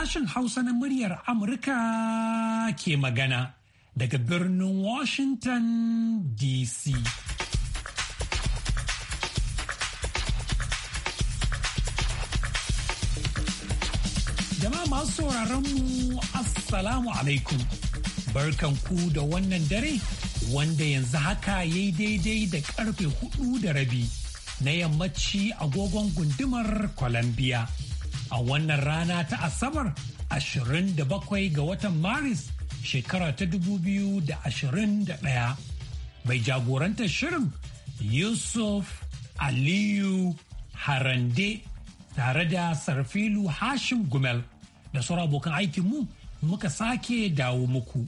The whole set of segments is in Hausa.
sashen Hausa na muryar Amurka ke magana daga birnin Washington DC. Jama'a masu sauraron mu Assalamu alaikum. Barkanku da wannan dare wanda yanzu haka ya yi daidai da karfe hudu da rabi na yammaci agogon gundumar Columbia. a wannan rana ta Asabar 27 ga watan Maris shekara ta 2021 mai jagorantar shirin Yusuf Aliyu Harande tare da Sarfilu Hashim Gumel da sauran abokan aikinmu muka sake dawo muku.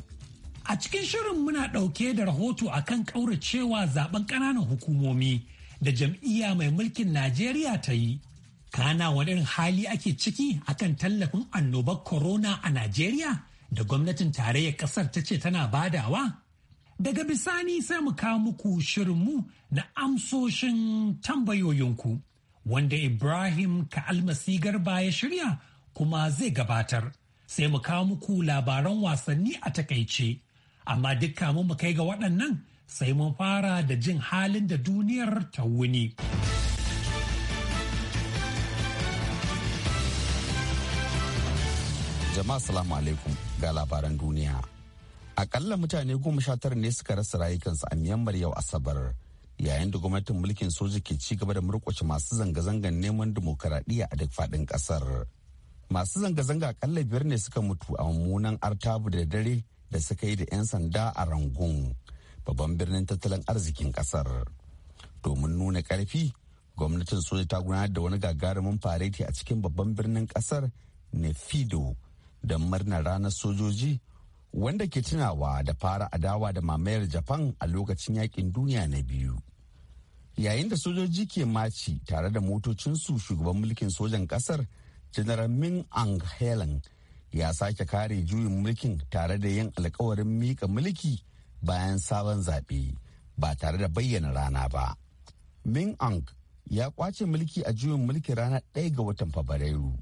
A cikin shirin muna ɗauke da rahoto a akan ƙauracewa zaben ƙananan hukumomi da jam'iyya mai mulkin Najeriya ta yi. kana wani hali ake ciki akan tallafin annobar corona a Najeriya da gwamnatin tarayyar ƙasar ta ce tana badawa? Daga bisani sai mu kawo muku shirinmu na amsoshin tambayoyinku wanda Ibrahim Ka'almasi Garba ya shirya kuma zai gabatar. Sai mu kawo muku labaran wasanni a takaice. Amma duk mu kai ga waɗannan sai mun fara da jin halin da duniyar ta wuni. Jama'a salamu alaikum ga labaran duniya. Akalla mutane goma sha tara ne suka rasa rayukansu a Myanmar yau Asabar. Yayin da gwamnatin mulkin soja ke ci gaba da murkwace masu zanga zangan neman dimokuraɗiyya a duk faɗin ƙasar. Masu zanga-zanga akalla biyar ne suka mutu a mummunan artabu da dare da suka yi da 'yan sanda a Rangun, babban birnin tattalin arzikin ƙasar. Domin nuna ƙarfi, gwamnatin soja ta gudanar da wani gagarumin fareti a cikin babban birnin ƙasar nefido don murnar ranar sojoji wanda ke tunawa da fara adawa da mamayar japan a lokacin yakin duniya na biyu yayin da sojoji ke maci tare da motocinsu shugaban mulkin sojan kasar general min ang helen ya sake kare juyin mulkin tare da yin alkawarin mika mulki bayan sabon zaɓe ba tare da bayyana rana ba min ang ya kwace mulki a juyin mulki ranar 1 ga watan fabrairu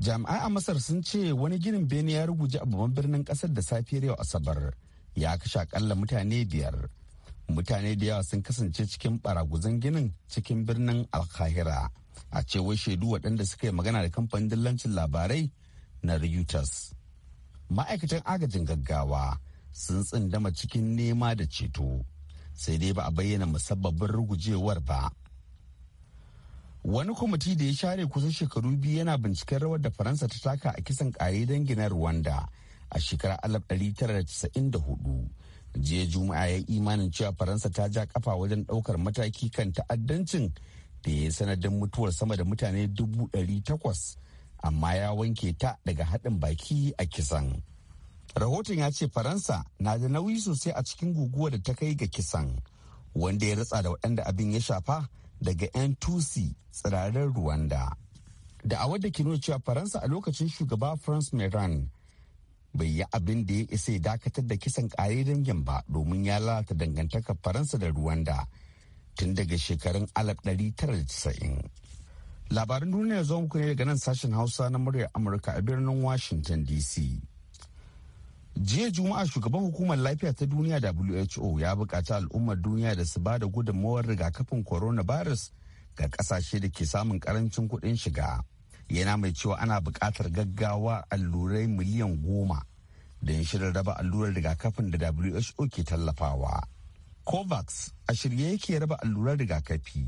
jami'ai a masar sun ce wani ginin bene ya ruguje a babban birnin kasar da safiyar yau asabar ya kashe akalla mutane biyar mutane da yawa sun kasance cikin baraguzan ginin cikin birnin alkahira a cewar shaidu waɗanda suka yi magana da kamfanin dillancin labarai na reuters ma'aikatan agajin gaggawa sun tsindama cikin nema da ceto sai dai ba a bayyana musabbabin rugujewar ba wani kwamiti da ya share kusan shekaru biyu yana binciken rawar da faransa ta taka a kisan kare dangin rwanda a shekarar 1994 jiya juma'a ya imanin cewa faransa ta ja kafa wajen daukar mataki kan ta'addancin da ya sanadin mutuwar sama da mutane 800 amma ya wanke ta daga haɗin baki a kisan rahoton ya ce faransa na da nauyi sosai a cikin guguwa da ta kai ga kisan wanda ya ratsa da waɗanda abin ya shafa daga 'yan tusi tsirarin rwanda da a wadda ke nuna cewa faransa a lokacin shugaba france mitterrand bai yi abin da ya isa ya dakatar da kisan kare dangin ba domin ya lalata dangantakar faransa da rwanda tun daga shekarun 1990 labarin duniya zuwa muku ne daga nan sashen hausa na muryar amurka a birnin washington dc jiya juma'a shugaban hukumar lafiya ta duniya who ya bukaci al'ummar duniya da su ba da gudunmawar rigakafin coronavirus ga kasashe da ke samun karancin kuɗin shiga yana mai cewa ana bukatar gaggawa allurai miliyan goma don shirin raba allurar rigakafin da who ke tallafawa covax a shirye yake raba allurar rigakafi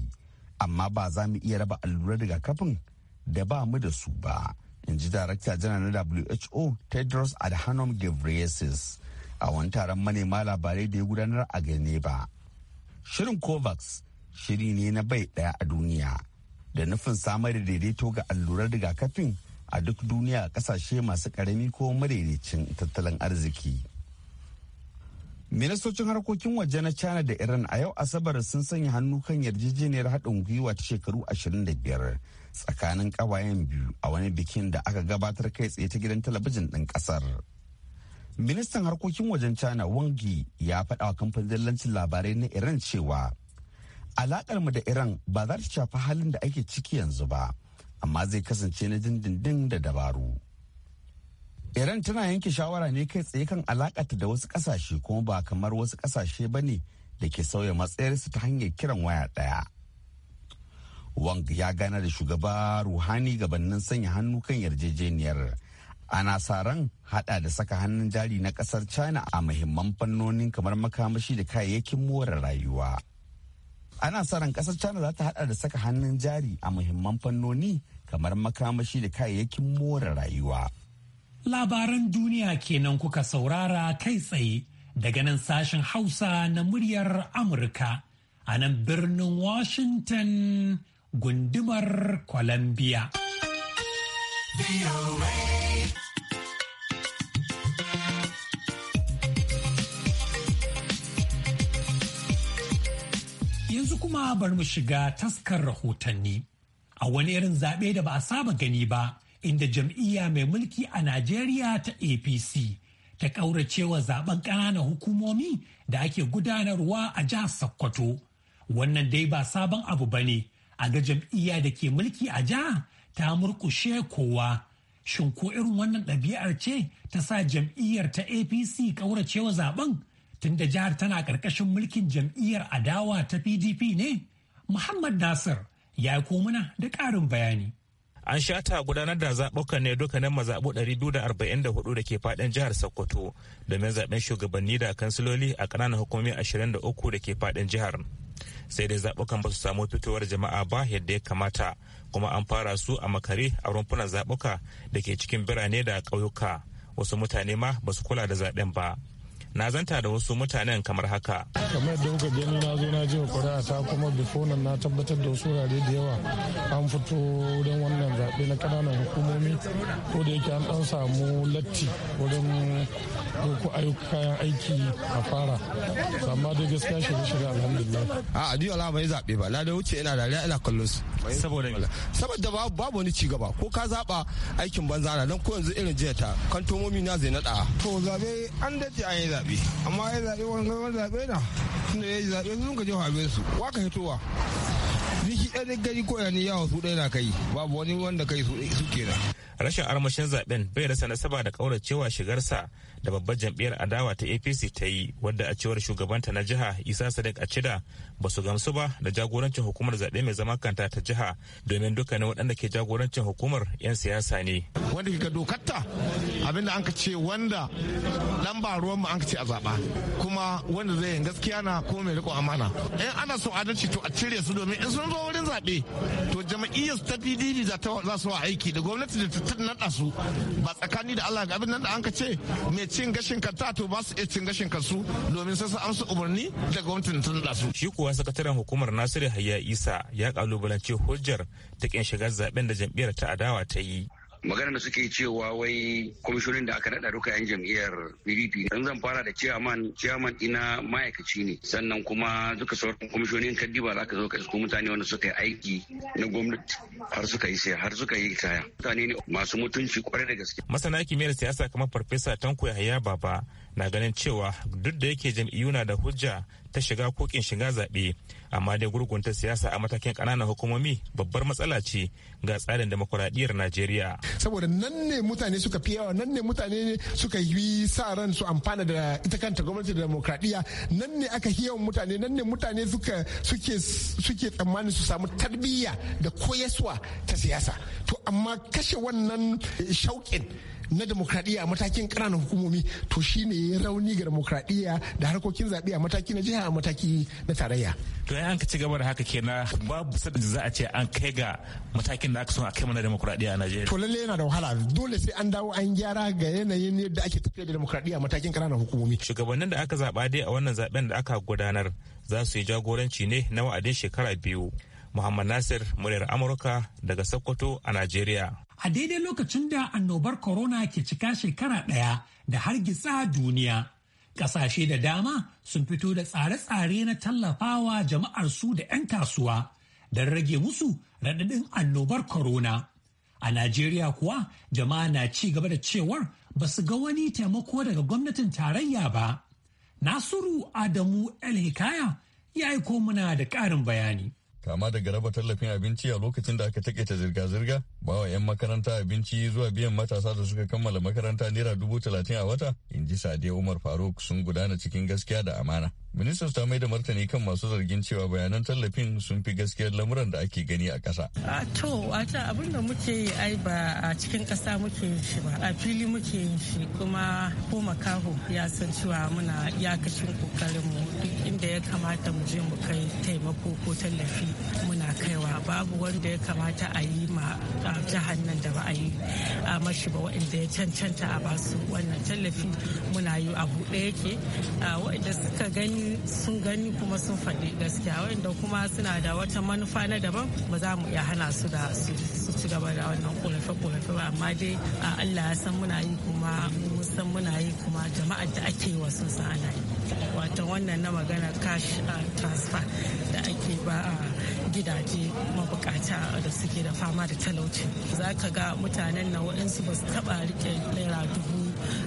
amma ba za mu iya raba allurar rigakafin da ba mu da su ba in ji darakta janar na who tedros adhanom ghebreyesus a wani taron manema labarai da ya gudanar a geneva shirin covax shiri ne na bai daya a duniya da nufin samar da daidaito ga allurar rigakafin a duk duniya a kasashe masu karami ko madaidaicin tattalin arziki ministocin harkokin waje na china da iran a yau asabar sun sanya hannu kan yarjejeniyar haɗin gwiwa ta shekaru 25 tsakanin ƙawayen biyu a wani bikin da aka gabatar kai tsaye ta gidan talabijin ɗin ƙasar. Ministan harkokin wajen China Wang Yi ya faɗa wa kamfanin dillancin labarai na Iran cewa mu da Iran ba za ta shafi halin da ake ciki yanzu ba, amma zai kasance na dindindin da dabaru. Iran tana yanke shawara ne kai tsaye kan alakata da wasu ƙasashe, kuma ba kamar wasu ƙasashe ba ne da ke sauya matsayarsu ta hanyar kiran waya ɗaya. Wang ya gana da shugaba Ruhani gabanin sanya hannu kan yarjejeniyar. Ana sa ran hada da saka hannun jari na kasar China a muhimman fannonin kamar makamashi da kayayyakin more rayuwa. Ana sa ran kasar China za ta hada da saka hannun jari a muhimman fannoni kamar makamashi da kayayyakin more rayuwa. Labaran duniya kenan kuka saurara kai tsaye daga nan sashen Hausa na muryar Amurka a nan birnin Washington gundumar Columbia. Yanzu kuma bari mu shiga taskar rahotanni. A wani irin zaɓe da ba a saba gani ba, inda jam'iyya mai mulki a Najeriya ta APC ta ƙauracewa zaɓen ƙananan hukumomi da ake gudanarwa a jihar Sokoto. Wannan dai ba sabon abu ba ne a ga jam'iyya da ke mulki a jiha ta murkushe kowa shin ko irin wannan ɗabi'ar ce ta sa jam'iyyar ta apc ƙauracewa zaben tunda jihar tana ƙarƙashin mulkin jam'iyyar adawa ta pdp ne muhammad nasir ya ko mana da ƙarin bayani an shata gudanar da zaɓukan ne dukkanin mazaɓu 244 da ke faɗin jihar sokoto domin zaɓen shugabanni da kansiloli a ƙananan hukumomi 23 da ke faɗin jihar sai dai zaɓukan ba su samu fitowar jama'a ba yadda ya kamata kuma an fara su a makare a rumfunan zaɓuka da ke cikin birane da ƙauyuka wasu mutane ma ba su kula da zaɓen ba na zanta da wasu mutanen kamar haka. Kamar da kuka gani na zo na jiwa kuri'a ta kuma bifonan na tabbatar da wasu wurare da yawa an fito don wannan zaɓe na ƙananan hukumomi ko da yake an ɗan samu latti wurin doku kayan aiki a fara amma dai gaskiya shirye shirye alhamdulillah. A adiyo Allah bai zaɓe ba lada wuce ina da ina kallon su. Saboda saboda babu wani cigaba ko ka zaɓa aikin banza na don ko yanzu irin jiya ta kantomomi na zai naɗa. To zaɓe an dace an yi zaɓe amma ya zaɓe wani gama zaɓe na tunda ya yi zaɓe sun ka je abin su wa ka hitowa ni shi ɗan gari ko ya ni yawa su ɗaya na kai babu wani wanda kai su kenan rashin armashin zaben bai rasa nasaba da kauracewa shigarsa da babbar jam'iyyar adawa ta apc ta yi wadda a cewar shugabanta na jiha isa sadiq a cida ba su gamsu ba da jagorancin hukumar zaɓe mai zama kanta ta jiha domin dukkanin waɗanda ke jagorancin hukumar 'yan siyasa ne wanda ke dokarta abinda an ka ce wanda dan ba ruwan mu an ka ce a zaɓa kuma wanda zai yin gaskiya na ko mai riko amana in ana so adalci to a cire su domin in sun zo wurin zaɓe to jama'iyyar ta pdp za su wa aiki da gwamnati da ta naɗa su ba tsakani da Allah ga abin nan da an ka ce mai cin gashin kanta to ba su iya cin gashin kansu domin sai su amsa umarni da gwamnatin ta naɗa su. Shi kuwa sakataren hukumar Nasiru Hayya Isa ya kalubalance hujjar ta kin shigar zaben da jam'iyyar ta adawa ta yi. maganar da suke cewa wai kwamishonin da aka nada duka yan jam'iyyar pdp yanzu zan fara da ciyaman ciyaman ina ma'aikaci ne sannan kuma duka sauran kwamishonin kaddiba za ka zo ka isko mutane wanda suka yi aiki na gwamnati har suka yi sai har suka yi taya mutane ne masu mutunci kwarai da gaske masana kimiyyar siyasa kamar farfesa tanko yahaya baba na ganin cewa duk da yake jam'iyyu na da hujja ta shiga kokin shiga zaɓe amma dai gurgunta siyasa a matakin kananan hukumomi babbar matsala ce ga tsarin demokuraɗiyyar najeriya saboda nan ne mutane suka fi yawa nan ne mutane suka yi sa ran su amfana da ita kanta gwamnati da demokuraɗiyya, nan ne aka fi yawan mutane nan ne mutane suka suke tsammanin su samu tarbiyya da koyaswa ta siyasa to amma kashe wannan shauƙin na demokradiyya a matakin ƙananan hukumomi to shine ya rauni ga demokradiyya da harkokin zaɓe a mataki na jiha a mataki na tarayya. To an ka ci gaba da haka kenan babu sadda za a ce an kai ga matakin da aka so a kai mana demokradiyya a Najeriya. To lalle yana da wahala dole sai an dawo an gyara ga yanayin yadda ake tafiyar da demokradiyya a matakin ƙananan hukumomi. Shugabannin da aka zaɓa dai a wannan zaɓen da aka gudanar za su yi jagoranci ne na wa'adin shekara biyu. Muhammad Nasir, muryar Amurka daga Sokoto a Najeriya. a daidai lokacin da annobar korona ke cika shekara ɗaya da hargitsa duniya. Ƙasashe da dama sun fito da tsare-tsare na tallafawa jama'ar su da 'yan kasuwa don rage musu raɗaɗin annobar korona. A Najeriya kuwa jama'a na ci gaba da cewar ba su ga wani taimako daga gwamnatin tarayya ba. Nasiru Adamu El Hikaya ya aiko muna da ƙarin bayani. Kama daga raba tallafin abinci a lokacin da aka ta zirga-zirga bawa 'yan makaranta abinci zuwa biyan matasa da suka kammala makaranta naira dubu talatin a wata in ji sadiya umar faruk sun gudana cikin gaskiya da amana ministan ta mai da martani kan masu zargin cewa bayanan tallafin sun fi gaskiyar lamuran da ake gani a kasa. a to wata abin da muke yi ai ba a cikin kasa muke yin shi ba a fili muke yin shi kuma ko makaho ya san cewa muna iyakacin kokarin mu duk inda ya kamata mu je mu kai taimako ko tallafi muna kaiwa babu wanda ya kamata a yi ma a jihar nan da ba a yi a mashi ba waɗanda ya cancanta a basu wannan tallafi muna yi a buɗe yake waɗanda suka gani sun gani kuma sun faɗi gaskiya waɗanda kuma suna da wata manufa na daban ba za mu iya hana su da su ci gaba da wannan ƙorafe-ƙorafe ba amma dai a Allah ya san muna yi kuma san muna yi kuma jama'a da ake yi wasu ana yi wato wannan na magana cash transfer da ake ba a gidaje mabukata da suke da fama da talauci za ka ga mutanen na waɗansu ba su taɓa rike naira dubu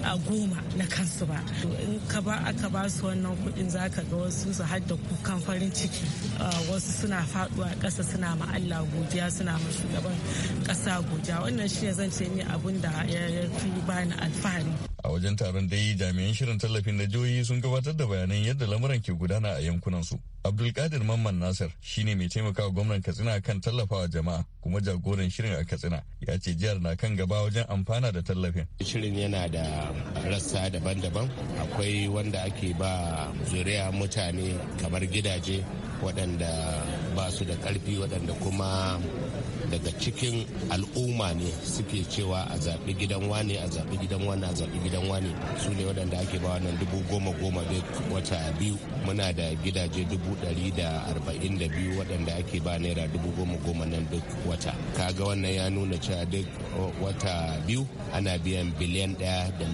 a goma na kansu ba to in ka ba aka ba su wannan kuɗin za ka ga wasu su hadda kukan farin ciki wasu suna faɗuwa ƙasa suna ma Allah godiya suna ma shugaban ƙasa godiya wannan shine zan ce ni abun da ya fi bani alfahari a wajen taron dai jami'an shirin tallafin na jihohi sun gabatar da bayanan yadda lamuran ke gudana a yankunansu abdulkadir mamman nasir shine mai taimakawa gwamnan katsina kan tallafawa jama'a kuma jagoran shirin a katsina ya ce jihar na kan gaba wajen amfana da tallafin shirin yana da rassa daban-daban akwai wanda ake ba zuriya mutane kamar gidaje waɗanda ba su da ƙarfi waɗanda kuma daga cikin al'umma ne suke cewa a zaɓi gidan wane a zaɓi gidan wane a zaɓi gidan wane su ne waɗanda ake ba wannan dubu goma goma wata biyu muna da gidaje dubu ɗari da arba'in da biyu waɗanda ake ba naira dubu goma goma nan duk wata kaga wannan ya nuna cewa duk wata biyu ana biyan biliyan ɗaya da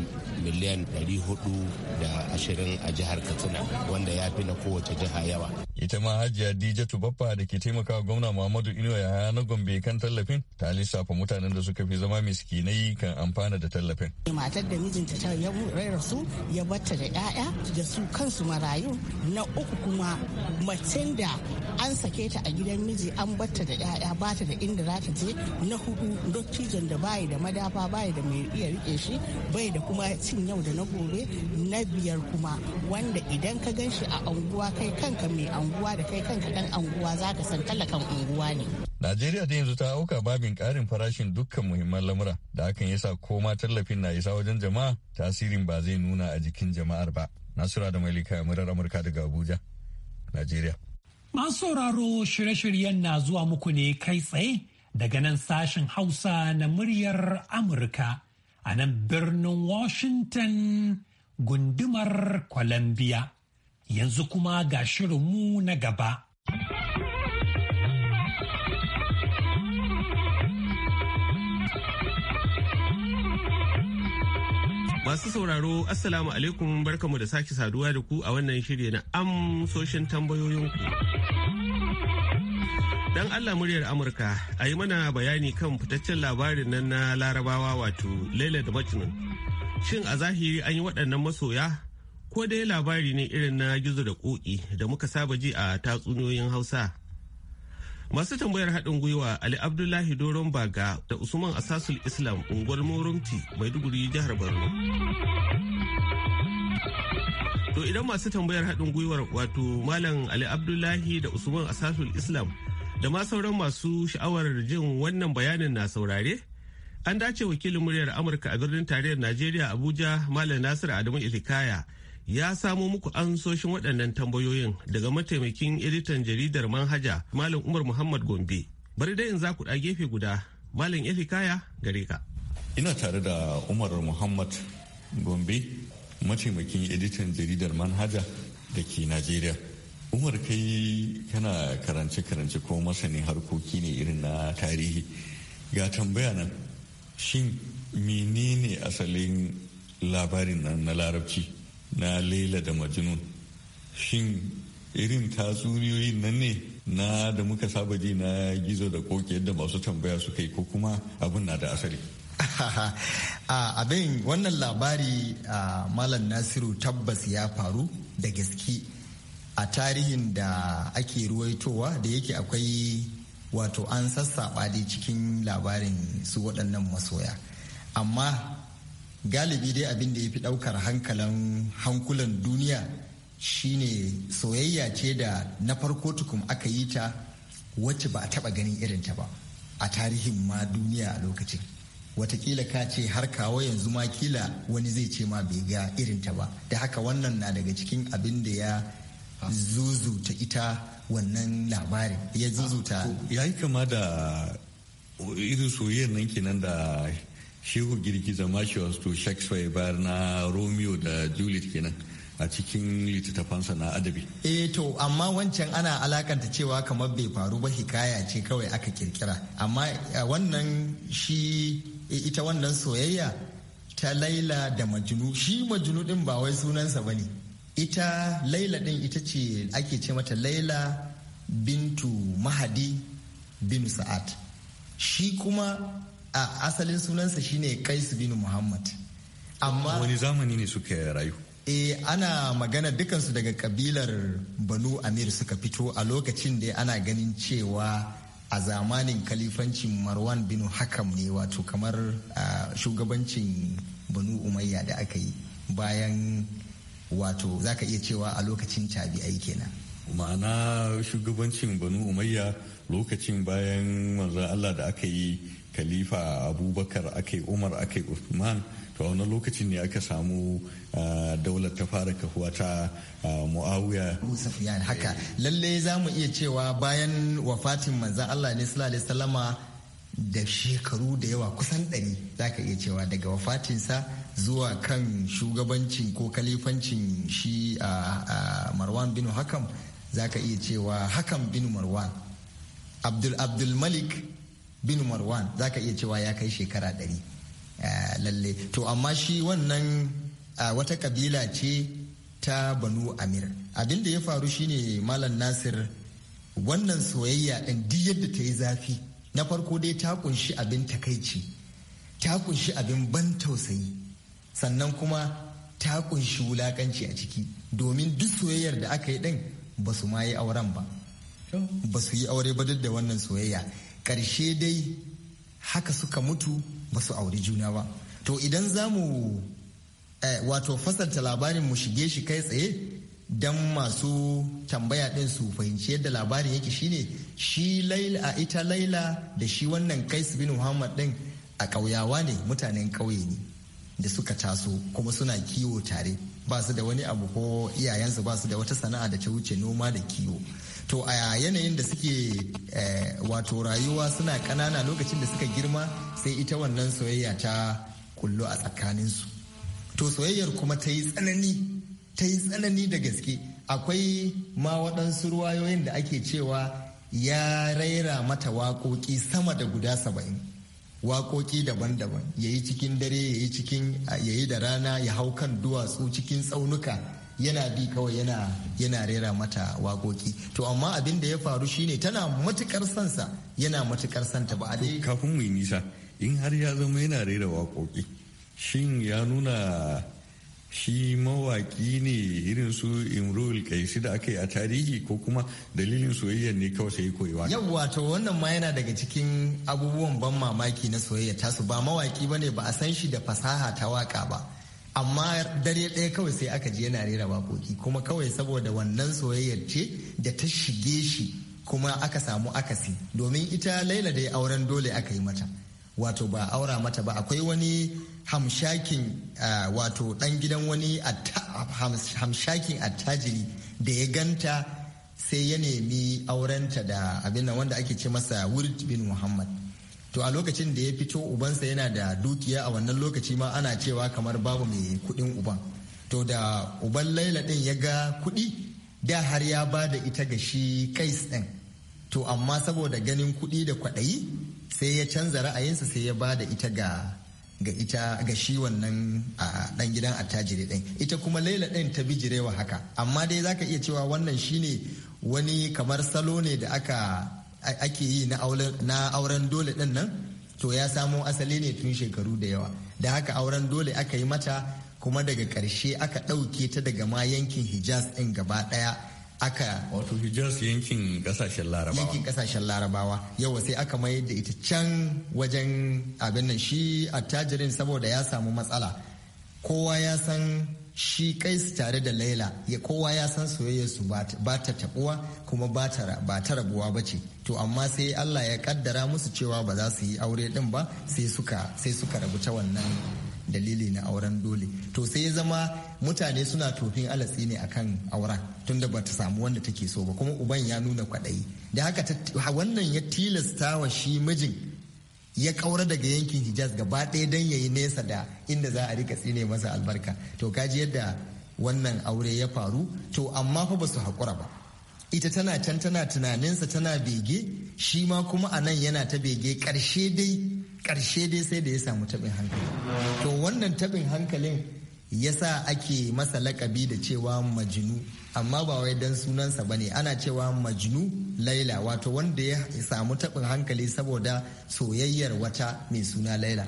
miliyan ɗari hudu da ashirin a jihar katsina wanda ya fi na kowace jiha yawa ita ma hajiya dijatu baffa da ke taimakawa gwamna muhammadu inuwa yahaya na gombe kan tallafin ta lissafa mutanen da suka fi zama miskinai kan amfana da tallafin matar da mijinta ta ya rera su ya batta da ya'ya da su kansu marayu na uku kuma macen da an sake ta a gidan miji an batta da ya'ya bata ta da inda za ta je na hudu dottijon da bayi da madafa bayi da mai iya rike shi bai da kuma cin yau da na gobe na biyar kuma wanda idan ka ganshi a unguwa kai kanka mai anguwa unguwa da kai kanka dan unguwa za ka san talakan unguwa ne. Najeriya ta yanzu ta auka babin karin farashin dukkan muhimman lamura da hakan yasa koma tallafin na isa wajen jama'a tasirin ba zai nuna a jikin jama'ar ba. Nasura da Malika murar Amurka daga Abuja, Najeriya. Masu sauraro shirye-shiryen na zuwa muku ne kai tsaye daga nan sashen Hausa na muryar Amurka a nan birnin Washington gundumar Columbia. yanzu kuma ga shirinmu na gaba. Masu sauraro, Assalamu alaikum barkamu da sake saduwa da ku a wannan shirya na amsoshin tambayoyinku. Dan Allah muryar Amurka, a yi mana bayani kan fitaccen labarin nan na larabawa wato Laila da Majnun. Shin a zahiri an yi waɗannan masoya? ko dai labari ne irin na gizo da koki da muka saba ji a tatsuniyoyin hausa masu tambayar haɗin gwiwa ali abdullahi doron baga da usman asasul islam unguwar morumti maiduguri jihar borno to idan masu tambayar haɗin gwiwar wato malam ali abdullahi da usman asasul islam da ma sauran masu sha'awar jin wannan bayanin na saurare an dace wakilin muryar amurka a birnin tarayyar najeriya abuja malam nasir adamu ilikaya ya samo muku ansoshin waɗannan tambayoyin daga mataimakin editan jaridar manhaja Malam Umar Muhammad Gombe. Bari dai in za ku gefe guda, Malam kaya gare ka. Ina tare da Umar Muhammad Gombe, mataimakin editan jaridar manhaja da ke Najeriya. Umar kai kana karance-karance ko masani harkoki ne irin na tarihi. Ga tambaya nan, shin menene asalin labarin nan na larabci? na Laila da Majnun shin irin tatsuniyoyi nan ne na da muka saba ji na gizo da koke yadda masu tambaya su kai ko kuma abin na da asali abin wannan labari malam nasiru tabbas ya faru da gaske a tarihin da ake ruwaitowa da yake akwai wato an sassaɓa dai cikin labarin su waɗannan masoya amma galibi dai abin da ya fi daukar hankalin hankulan duniya shine soyayya ce da na farko tukun aka yi ta wacce ba a taba ganin irinta ba a tarihin ma duniya a lokacin watakila ka ce har kawo yanzu ma kila wani zai ce ma bai ga irinta ba da haka wannan na daga cikin abin da ya zuzuta ita wannan labarin ya zuzuta ya yi kama da irin soyayyar nan kenan da shehu girgiza mashi wasu shakespeare bayar na romeo da juliet kenan a cikin littattafansa na adabi. Eh to amma wancan ana alakanta cewa kamar bai faru ba hikaya ce kawai aka kirkira amma eh, wannan shi eh, ita wannan soyayya ta laila da majinu shi majinu din ba wai sunansa ba ne ita laila din ita ce ake ce mata laila bintu mahadi bin sa'ad shi kuma a asalin sunansa shine kais bin muhammad amma wani zamani ne suka rayu e ana magana dukansu daga kabilar banu amir suka fito a lokacin da ana ganin cewa a zamanin kalifancin marwan bin hakam ne wato kamar shugabancin banu umayya da aka yi bayan wato zaka iya cewa a lokacin tabi'ai kenan ma'ana shugabancin banu umayya lokacin bayan manzan allah da aka yi khalifa abubakar ake umar akai usman to wani lokacin ne aka samu ah, daular ta fara kahuwa ta ah, muawiya safiyan haka lalle za mu iya cewa bayan wafatin manzan allah ne sallallahu alaihi da shekaru da yawa kusan ɗari za ka iya cewa daga wafatinsa zuwa kan shugabancin ko kalifancin shi a ah, marwan bin hakam za ka iya cewa hakam bin marwan abdul abdul malik bin marwan za ka iya cewa ya kai shekara ɗari eh, lalle to amma shi wannan eh, wata kabila ce ta banu amir Abinda ya faru shine malam nasir wannan soyayya ɗin duk yadda ta yi zafi na farko dai ta kunshi abin takaici ta kunshi abin ban tausayi sannan kuma ta kunshi wulakanci a ciki domin duk soyayyar da aka yi ɗin ba su ma yi auren ba ba su yi aure ba duk da wannan soyayya Karshe dai haka suka mutu ba su auri juna ba to idan za mu eh, wato fasalta labarin mu shige shi kai tsaye don masu tambaya din su fahimci yadda labarin yake shine shi laila a ita laila da shi wannan kais bin muhammad din a ƙauyawa ne mutanen ƙauye ne da suka taso kuma suna kiwo tare ba su da wani abu ko iyayensu ba su da wata sana'a da ta wuce noma da kiwo to a yanayin da suke eh, wato rayuwa suna kanana lokacin da suka girma sai ita wannan soyayya ta kullo a tsakaninsu to soyayyar kuma ta yi tsanani ta yi tsanani da gaske akwai ma waɗansu ruwayoyin da ake cewa ya raira mata waƙoƙi sama da guda saba'in waƙoƙi daban-daban ya yi cikin dare ya ya yi da rana ya hau kan duwatsu cikin tsaunuka yana bi kawai yana yana rera mata waƙoƙi to amma abin da ya faru shine tana matukar son sa yana matukar son ta ba a dai kafin mu yi nisa in har ya zama yana rera waƙoƙi shin ya nuna shi mawaƙi ne irin su imrul kaisi da aka yi a tarihi ko kuma dalilin soyayya ne kawai sai koyewa yawwa to wannan ma yana daga cikin abubuwan ban mamaki na soyayya tasu ba mawaƙi bane ba a san shi da fasaha ta waka ba amma dare ɗaya kawai sai aka je yana rera waƙoƙi kuma kawai saboda wannan soyayyar ce da ta shige shi kuma aka samu akasi domin ita laila da ya auren dole aka yi mata wato ba aura mata ba akwai wani hamshakin wato ɗan gidan wani hamshakin attajiri da ya ganta sai ya nemi aurenta da abin wanda ake ce masa wurid bin muhammad to a lokacin da ya fito ubansa yana da dukiya a wannan lokaci ma ana cewa kamar babu mai kuɗin uban to da uban laila ɗin ya ga kuɗi da har ya ba da ita ga shi kais ɗin to amma saboda ganin kuɗi da kwaɗayi sai ya canza ra'ayinsa sai ya ba da ita ga ga ita ga shi wannan a ɗan gidan attajiri ɗin ita kuma laila ɗin ta bijirewa haka amma dai zaka iya cewa wannan shine wani kamar salo ne da aka ake yi na auren dole din nan to ya samo asali ne tun shekaru da yawa da haka auren dole aka yi mata kuma daga karshe aka ɗauke ta daga ma yankin hijaz ɗin gaba ɗaya aka wato hijaz yankin ƙasashen larabawa yankin ƙasashen larabawa yawa sai aka mayar da ita can wajen abin nan shi attajirin saboda ya samu matsala kowa ya san shi kai su tare da laila ya kowa ya san soyayyar su ba ta tabuwa kuma ba ta rabuwa ba ce to amma sai allah ya kaddara musu cewa ba za su yi aure din ba sai suka rabu ta wannan dalili na auren dole to sai ya zama mutane suna tofin alatsi ne akan auren tunda ba ta samu wanda take so ba kuma uban ya nuna kwaɗayi da haka wannan ya tilasta wa shi mijin ya kaura daga yankin hijaz gaba ɗaya don ya yi nesa da inda za a rika tsine masa albarka to kaji yadda wannan aure ya faru to amma fa ba su haƙura ba ita tana can tana tunaninsa tana bege shi ma kuma a nan yana ta bege ƙarshe dai ƙarshe dai sai da ya samu taɓin hankali to wannan taɓin hankalin ya sa ake masa lakabi da cewa majinu amma ba wai dan sunansa bane ana cewa majinu laila wato wanda ya samu taɓin hankali saboda soyayyar wata mai suna laila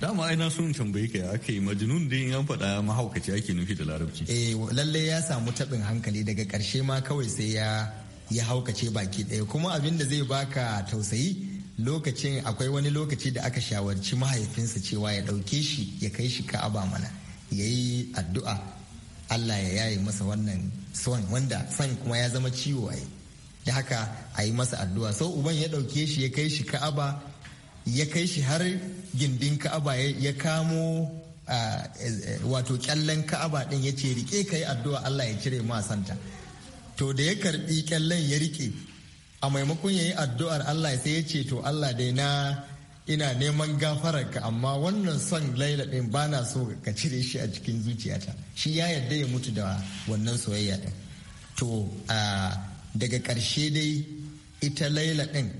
dama aina sun tambayi ka ake majinun din an faɗa mahaukaci ake nufi da larabci eh lalle ya samu taɓin hankali daga ƙarshe ma kawai sai ya ya haukace baki ɗaya kuma abin da zai baka tausayi lokacin akwai wani lokaci da aka shawarci mahaifinsa cewa ya ɗauke shi ya kai shi ka'aba mana ya yi addu'a allah ya yaye masa wannan son wanda son kuma ya zama ciwo a yi da haka a yi masa addu'a sau uban ya ɗauke shi ya kai shi ka'aba ya kai shi har gindin ka'aba ya kamo wato kyallen ka'aba ɗin ya ce rike ka yi addu'a allah ya cire ma santa to da ya karɓi kyallen ya rike a maimakon ya yi addu'ar allah sai ya ce to allah dai na ina neman gafararka amma wannan son laila ɗin ba na so ka cire shi a cikin zuciyata shi ya yarda ya mutu da wannan soyayya ɗin to daga ƙarshe dai ita laila ɗin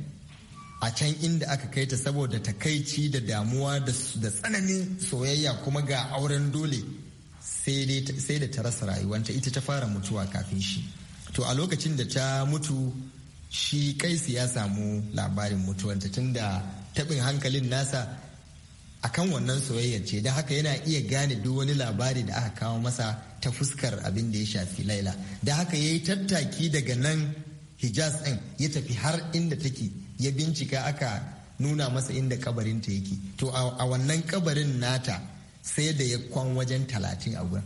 a can inda aka kai ta saboda takaici da damuwa da tsananin soyayya kuma ga auren dole sai da ta rasa rayuwanta ita ta fara mutuwa kafin shi to a lokacin da ta mutu shi kaisi ya samu labarin mutuwanta tunda taɓin hankalin nasa a kan wannan soyayyar ce don haka yana iya gane duk wani labari da aka kawo masa ta fuskar abin da ya shafi laila da haka ya yi tattaki daga nan hijaz ɗin ya tafi har inda take ya bincika aka nuna masa inda kabarin ta yake to a wannan kabarin nata sai da ya kwan wajen talatin a gurin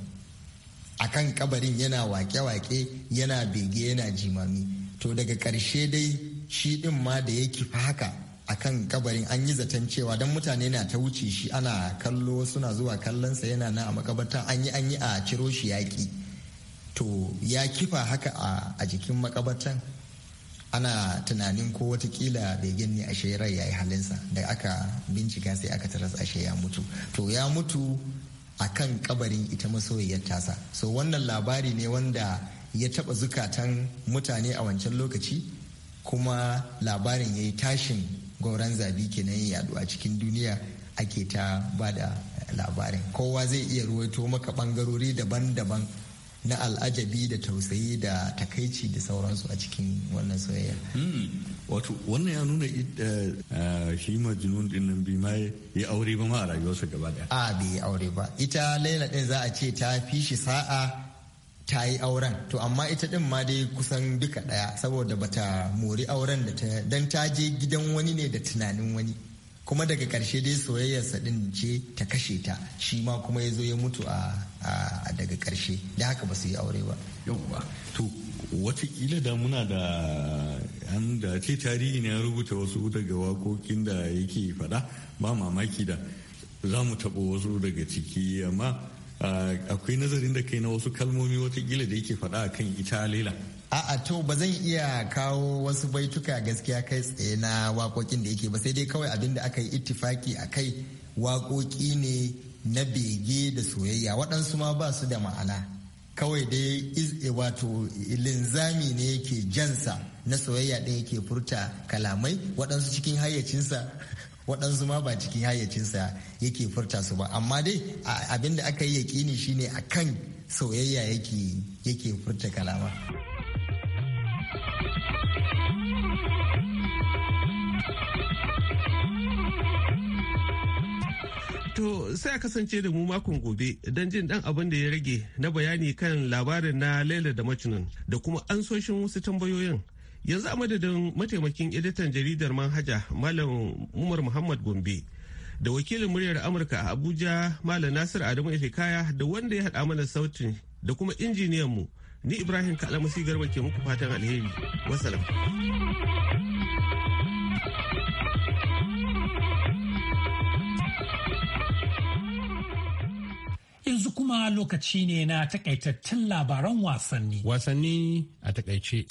a kan kabarin yana wake-wake yana bege yana jimami to daga ƙarshe dai shi ɗin ma da ya kifa haka akan kabarin an yi zaton cewa don mutane na ta wuce shi ana kallo suna zuwa kallonsa yana na a makabarta an yi an yi a ciro shi yaƙi to ya kifa haka a jikin makabartan ana tunanin ko watakila bai gani a shairar ya yi halinsa da aka bincika sai aka taras ashe ya mutu to ya mutu a kan kabarin ita masoyiyar tasa so wannan labari ne wanda ya taba zukatan mutane a wancan lokaci kuma labarin ya yi tashin gauran zabi kenan yaɗu a cikin duniya ake ta ba da labarin kowa zai iya ruwaito maka bangarori daban-daban na al'ajabi da tausayi da takaici da sauransu a cikin wannan soyayya. Hmm. wato wannan ya nuna eh, eh, shi majnun din nan bi ma ya aure ba ma a rayuwarsa gaba daya a bai aure ba ita laila din za a ce ta fi shi sa'a ta yi auren to amma ita din ma dai kusan duka daya saboda bata mori auren da ta dan ta je gidan wani ne da tunanin wani kuma daga karshe dai soyayyarsa din ce ta kashe ta shi ma kuma ya zo ya mutu a daga karshe da haka ba su yi aure ba yauwa to watakila da muna da an da ce tarihi ne ya rubuta wasu daga wakokin da yake faɗa ba mamaki da za mu taɓa wasu daga ciki amma Uh, akwai nazarin da kai na wasu kalmomi watakila da yake faɗa akan ita lela a'a to ba zan iya kawo wasu baituka gaskiya kai tsaye na waƙoƙin da yake ba sai dai kawai abin da aka yi ittifaki a kai waƙoƙi ne na bege da soyayya waɗansu ma ba su da ma'ana kawai dai eh, wato linzami ne yake jansa na soyayya ɗin yake furta kalamai waɗansu cikin hayyacinsa waɗansu ma ba cikin hayyacinsa yake furta su ba amma dai abinda aka yi yaƙini shine a kan soyayya yake furta kalama. To sai a kasance da mu makon gobe don jin dan abin da ya rage na bayani kan labarin na Laila da Majnun da kuma ansoshin wasu tambayoyin yanzu a madadin mataimakin editan jaridar manhaja malam umar muhammad gombe da wakilin muryar amurka a abuja malam nasir adamu efekaya da wanda ya haɗa mana sautin da kuma injiniyanmu ni ibrahim kalamasi garba ke muku fatan alheri wasalam yanzu kuma lokaci ne na takaitattun labaran wasanni wasanni a takaice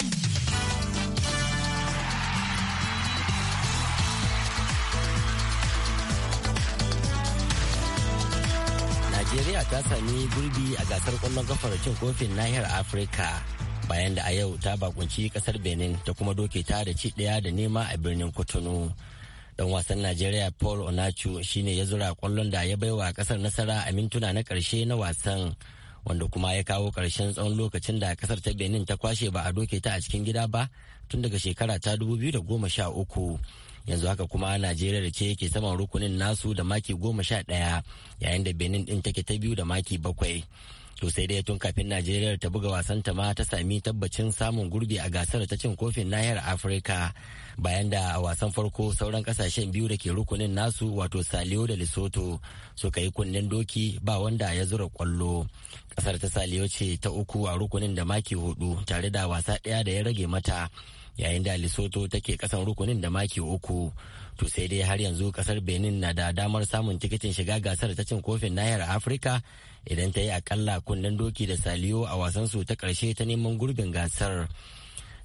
ta sami gurbi a gasar kwallon kafar cin kofin nahiyar afirka bayan da a yau ta bakunci kasar benin ta kuma doke ta da ci daya da nema a birnin kotunu dan wasan najeriya paul onachu shine ya zura kwallon da ya baiwa kasar nasara a mintuna na karshe na wasan wanda kuma ya kawo karshen tsawon lokacin da kasar ta benin ta kwashe ba a doke ta a cikin gida ba tun daga shekara ta da goma sha uku. yanzu haka kuma najeriya da ce ke saman rukunin nasu da maki goma sha ɗaya yayin da benin ɗin take ta biyu da maki bakwai to sai dai tun kafin najeriya ta buga wasan ta ma ta sami tabbacin samun gurbi a gasar ta cin kofin nahiyar afirka bayan da a wasan farko sauran kasashen biyu da ke rukunin nasu wato saliyo da lesotho suka yi kunnen doki ba wanda ya zura kwallo kasar ta saliyo ce ta uku a rukunin da maki hudu tare da wasa ɗaya da ya rage mata yayin da lesotho take kasan rukunin da maki uku to sai dai har yanzu kasar benin na da damar samun tikitin shiga gasar ta cin kofin nahiyar afirka idan ta yi akalla kunnen doki da saliyo a wasan su ta ƙarshe ta neman gurbin gasar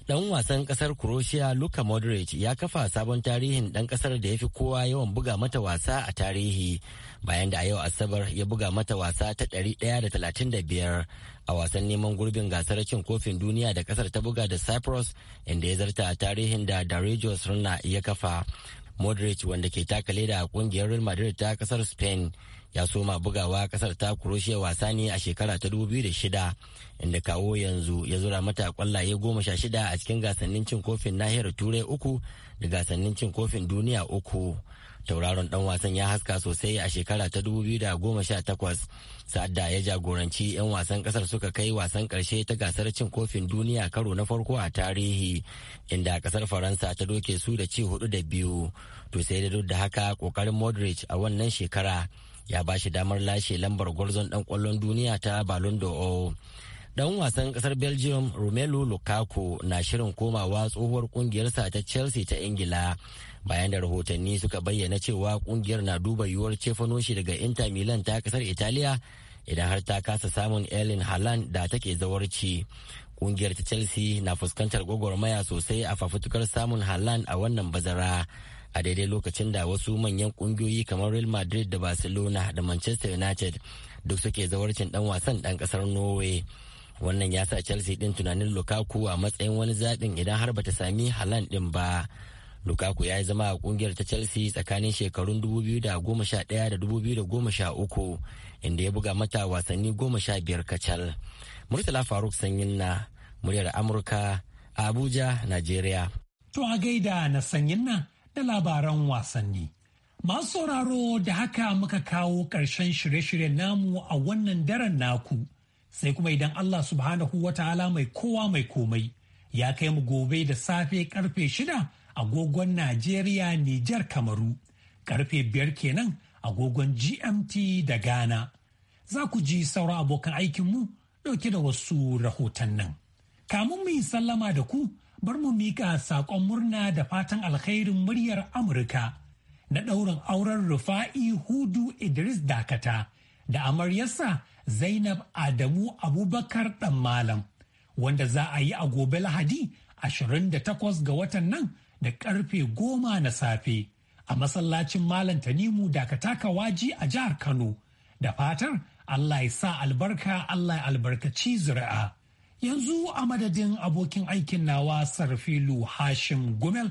dan wasan kasar croatia luka modric ya kafa sabon tarihin dan kasar da ya fi kowa yawan buga mata wasa a tarihi bayan da a yau asabar ya buga mata wasa ta 135 a wasan neman gurbin gasar cin kofin duniya da kasar ta buga da cyprus inda ya zarta tarihin da darejos runa ya kafa modric wanda ke takale da kungiyar real madrid ta kasar spain ya soma bugawa kasar ta kuroshiya wasa ne a shekara ta 2006 inda kawo yanzu ya zura mata kwallaye goma sha shida a cikin gasannin cin kofin nahiyar turai uku da gasannin cin kofin duniya uku tauraron dan wasan ya haska sosai a shekara ta 2018 sa'adda ya jagoranci 'yan wasan kasar suka kai wasan karshe ta gasar cin kofin duniya karo na farko a tarihi inda kasar faransa ta doke su da ci hudu da biyu to sai da duk da haka kokarin modric a wannan shekara ya ba shi damar lashe lambar gwarzon dan kwallon duniya ta Ballon d'Or. Dan wasan kasar Belgium Romelu Lukaku na shirin komawa tsohuwar kungiyarsa ta Chelsea ta Ingila bayan da rahotanni suka bayyana cewa kungiyar na duba yiwuwar cefano shi daga Inter Milan ta kasar Italiya idan har ta kasa samun Erling Haaland da take zawarci. Kungiyar ta Chelsea na fuskantar gwagwarmaya sosai a fafutukar samun Haaland a wannan bazara. a daidai lokacin da wasu manyan kungiyoyi kamar real madrid da barcelona da manchester united duk suke zawarcin dan wasan dan kasar norway wannan ya sa chelsea din tunanin lukaku a matsayin wani zaɓin idan har bata sami halan din ba lukaku ya yi zama a kungiyar ta chelsea tsakanin shekarun 2011 da 2013 inda ya buga mata wasanni 15 kacal murtala faruk sanyin na muryar amurka abuja nigeria to a gaida na sanyin nan da labaran wasanni. Masu sauraro da haka muka kawo ƙarshen shirye shirye namu a wannan daren naku, sai kuma idan Allah subhanahu wa ta'ala mai kowa mai komai ya kai mu gobe da safe karfe shida agogon Najeriya, Nijar, Kamaru, karfe biyar kenan agogon GMT da Ghana. Za ku ji sauran abokan aikinmu ɗauke da wasu rahoton nan. Kamun mu yi sallama da ku bar mu miƙa saƙon murna da fatan alkhairin muryar Amurka na ɗaurin auren Rufa'i Hudu Idris Dakata da amaryarsa Zainab Adamu Abubakar ɗan Malam wanda za a yi a gobe Lahadi 28 ga watan nan da ƙarfe goma na safe a masallacin Malam Tanimu Dakata Kawaji a jihar Kano da fatan Allah ya sa albarka Allah ya albarkaci zuri'a. yanzu a madadin abokin aikin nawa sarfilu hashim gumel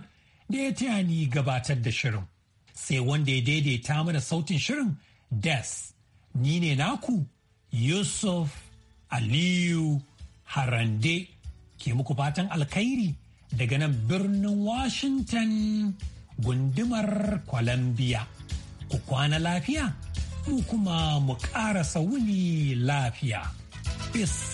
da ya taya ni gabatar da shirin sai wanda ya daidaita mana sautin shirin des ni ne naku yusuf aliyu harande ke muku fatan alkhairi daga nan birnin washington gundumar columbia ku kwana lafiya mu kuma mu ƙara wuni lafiya peace